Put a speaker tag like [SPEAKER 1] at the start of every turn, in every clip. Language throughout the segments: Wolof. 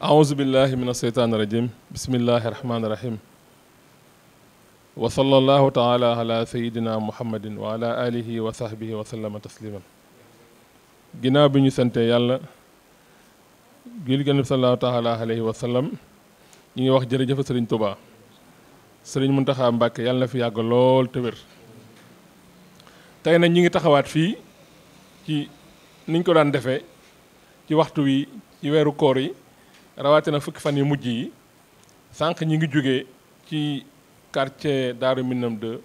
[SPEAKER 1] auzubillahi min asheytaan irajim bismillahi irahmaaniirahim wa sallallahu taala ala sayidina muhammadin wa ala alihi wa sahbihi wa sallama tasliman ginnaaw bi ñu sante yàlla julli gën sallallahu taala alayhi wa sallam ñu ngi wax jërëjëf sëriñ Touba sëriñ Mountakha Mbacké yàlla na fi yàgg lool te tey nag ñu ngi taxawaat fii ci niñ ko daan defee ci waxtu wi ci weeru koor yi rawatina fukki fan yi mujj yi sànq ñi ngi jóge ci quartier Daaru Minam 2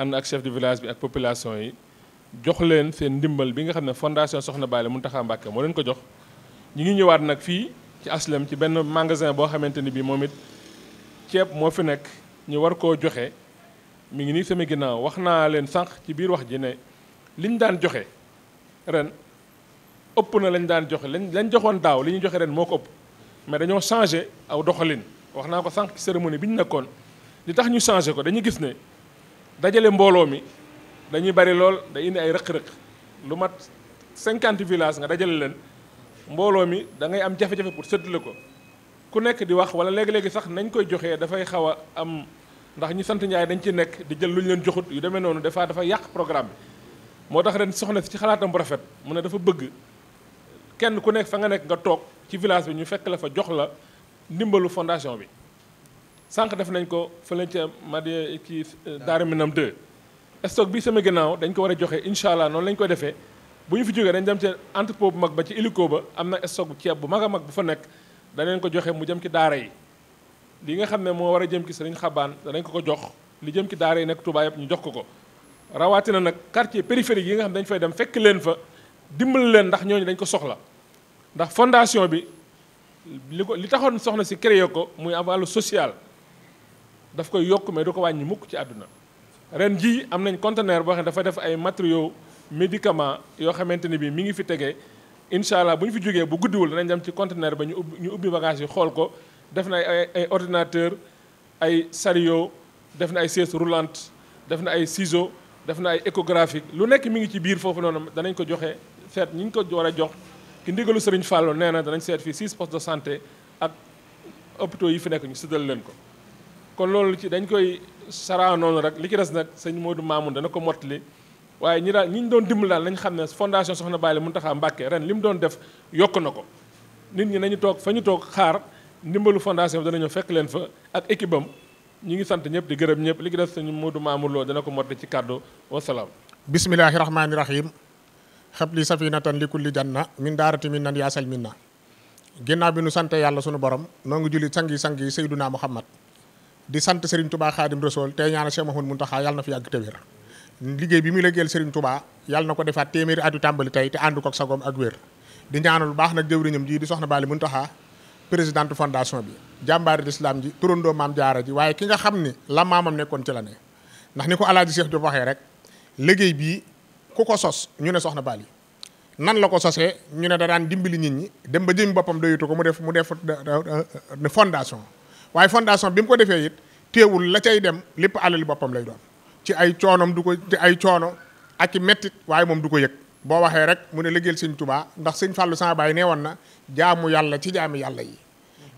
[SPEAKER 1] ànd ak chef de village bi ak population yi jox leen seen ndimbal bi nga xam ne fondation Soxna Baale Mountakha Mbacké moo leen ko jox ñu ngi ñëwaat nag fii ci aslem ci benn magasin boo xamante ni bii moom ceeb moo fi nekk ñu war koo joxe mi ngi nii sama ginnaaw wax naa leen sànq ci biir wax ji ne liñ daan joxe ren ëpp na lañ daan joxe lañ lañ joxoon li ñu joxe ren moo ko mais dañoo changé aw doxalin wax naa ko sànq ci bi ñu nekkoon li tax ñu changé ko dañu gis ne dajale mbooloo mi dañuy bari lool day indi ay rëq-rëq lu mat cinquante village nga dajale leen mbooloo mi dangay am jafe-jafe pour séddale ko ku nekk di wax wala léegi-léegi sax nañ koy joxee dafay xaw a am ndax ñu sant Njaay dañ ci nekk di jël lu leen joxut yu demee noonu des fois dafa yàq programme bi moo tax ren soxna si ci xalaatam bu rafet mu ne dafa bëgg kenn ku nekk fa nga nekk nga toog ci village bi ñu fekk la fa jox la ndimbalu fondation bi sànq def nañ ko fële ca Madi ci euh, Daara Minam 2 stock bi sama gannaaw dañ ko war a joxe incha allah noonu lañ ko defee bu ñu fi jógee dañ dem ci entrepôt bu mag ba ci hélico ba am na stock ceeb bu mag a mag bu fa nekk danañ ko joxe mu jëm ci daara yi nga xam ne moo war a jëm ci sëriñ xabaan danañ ko ko jox li jëm ci daara yi nekk Tuubaa yëpp ñu jox ko ko rawatina nag quartier périphérique yi nga xam dañ fay dem fekk leen fa dimbali leen ndax ñooñu dañ ko soxla ndax fondation bi li ko li taxoon soxna si créé ko muy am wàllu social daf koy yokk may du ko wàññi mukk ci àdduna ren jii am nañ conteneur boo xam ne dafa def ay matériaux médicament yoo xamante ni bii mi ngi fi tege incha allah bu ñu fi jógee bu guddiwul danañ dem ci conteneur ba ñu ubbi ñu ubbi yi xool ko def na ay ay ordinateur ay sario def na ay chaise def na ay ciseaux def na ay échographique lu nekk mi ngi ci biir foofu noonu danañ ko joxe seet ñi ñu ko war a jox ki ndigalu Serigne Fallou nee na danañ seet fii six postes de santé ak hôpitaux yi fi nekk ñu séddal leen ko. kon loolu ci dañ koy saraa noonu rek li ci des nag sëñ Modou Mamoun dana ko mottali waaye ñi daal ñi ñu doon dimbali daal nañ xam ne fondation Soxna Baali Muntaxa Mbàkke ren li mu doon def yokk na ko nit ñi nañu toog fa ñu toog xaar ndimbalu fondation dana ñëw fekk leen fa ak équipe am ñu ngi sant ñëpp di gërëm ñëpp li ki def sëñ Modou Mamoun Lo dana ko mottali ci kaddu kàddu wasalaam bismillahi rahmaani rahim
[SPEAKER 2] xabli safinatan li kulli janna min daarati min nan yaasal min na ginnaaw bi nu sante yàlla sunu borom noo ngi julli sangi sangi sayduna muhammad di sant Serigne Touba Khadim Rasoul tey ñaanal Cheikh Mouhamadou Mountakha yàlla na fi yàgg te wér liggéey bi mu liggéeyal Serigne Touba yàlla na ko defaat téeméeri at yu tàmbali tey te ànd ko ak sagoom ak wér di ñaanal bu baax nag jëwriñam ji di soxna Bali Mountakha présidente fondation bi jàmbaari lislaam ji turandoo maam jaara ji waaye ki nga xam ni la maamam nekkoon ci la ne ndax ni ko alaaji Cheikh Diop waxee rek liggéey bii ku ko sos ñu ne soxna Bali nan la ko sosee ñu ne da dimbali nit ñi dem ba jëm boppam doyutu ko mu def mu def euh, euh, euh, fondation waaye fondation bi mu ko defee it téewul la cay dem lépp alali boppam lay doon ci ay coonom du ko ay coono ak i mettit waaye moom du ko yëg boo waxee rek mu ne liggéeyal sëñ tubaa ndax sëñ fàllu sama baay nee woon na jaamu yàlla ci jaami yàlla yi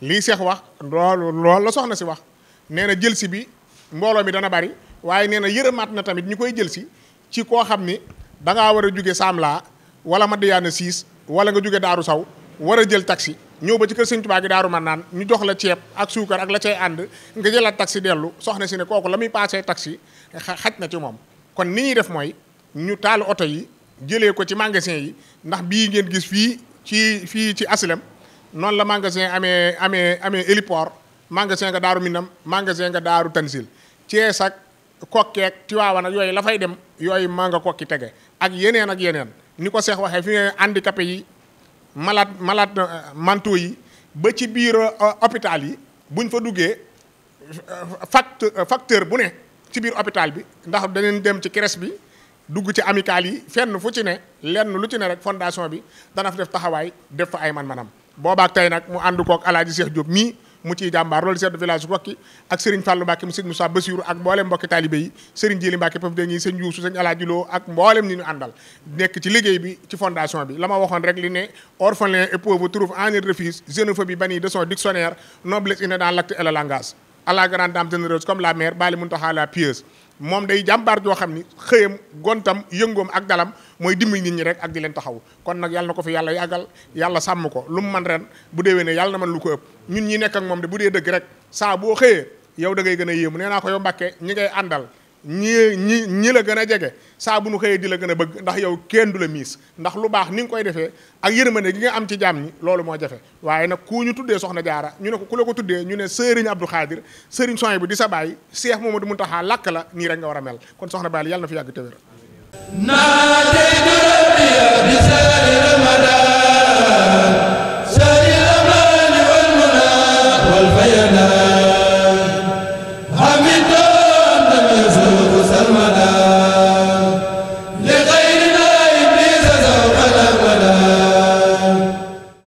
[SPEAKER 2] lii seex wax loolu loolu la soxna si wax nee na jël si bi mbooloo mi dana bari waaye nee na yërëmaat na tamit ñi koy jël si ci koo xam ni da ngaa war a jóge Samla wala Madiyaana siis wala nga jóge Daaru Saw war a jël taxi ñëw ba ci kër sëñ Tuubaa gi daaru man naan ñu jox la ceeb ak suukar ak la cay ànd nga jëlaat taxi dellu soxna si ne kooku la muy paasee taxi xaj na ci moom kon ni ñuy def mooy ñu taal oto yi jëlee ko ci magasin yi ndax bii ngeen gis fii ci fii ci asilem noonu la magasin amee amee amee héliport magasin nga daaru minam magasin nga daaru tansil Cees ak kokkeek Tiwaawan ak yooyu la fay dem yooyu maa nga kokki tege ak yeneen ak yeneen ni ko seex waxee fi handicapé malade malade euh, manto yi ba ci biir euh, hôpital yi buñ fa duggee euh, fact facteur bu ne ci biir hôpital bi ndax danañ dem ci CRES bi dugg ci amical yi fenn fu ci ne lenn lu ci ne rek fondation bi dana fa def taxawaay def fa ay man-manam boobaak tey nag mu ànd kook Alaaji Cheikh Diop mii mu ciy jàmbaar loolu chef village Rocky ak Serigne Fallou Mbacke mu Serigne Moussa Bassirou ak mboolem mbokki taalibé yi Serigne Jili Mbacke paf dañuy sëñ Youssou sëñ Alaaji Lo ak mboolem ni ñu àndal nekk ci liggéey bi ci fondation bi la ma waxoon rek li ne orphelin et pauvre trouve en un refuge xénophobie bannie de son dictionnaire noblesse inné dans l'acte et le langage à la grande comme la mère Bali Mountakha la pieuse moom day jàmbaar joo xam ni xëyam gontam yëngoom ak dalam mooy dimmi nit ñi rek ak di leen taxaw kon nag yàlla na ko fi yàlla yàggal yàlla sàmm ko lu mu man ren bu déwee ne yàlla na man lu ko ëpp ñun ñi nekk moom de bu dee dëgg rek saa boo xëyee yow da ngay gën a yéemu nee naa ko yow Mbàkke ñi ngay àndal ñi ñi ñi la gën a jege saa bu nu xëyee di la gën a bëgg ndax yow kenn du la miis ndax lu baax ni nga koy defee ak yërmande gi nga am ci jaam ñi loolu moo jafe waaye nag ku ñu tuddee soxna jaara ñu ne ko ku la ko tuddee ñu ne sëriñ Abdou Khadir sëriñ soñ bi di sa bàyyi Cheikh Mamadou Mountakha lakk la nii rek nga war a mel kon soxna Bally yàlla na fi yàgg te wér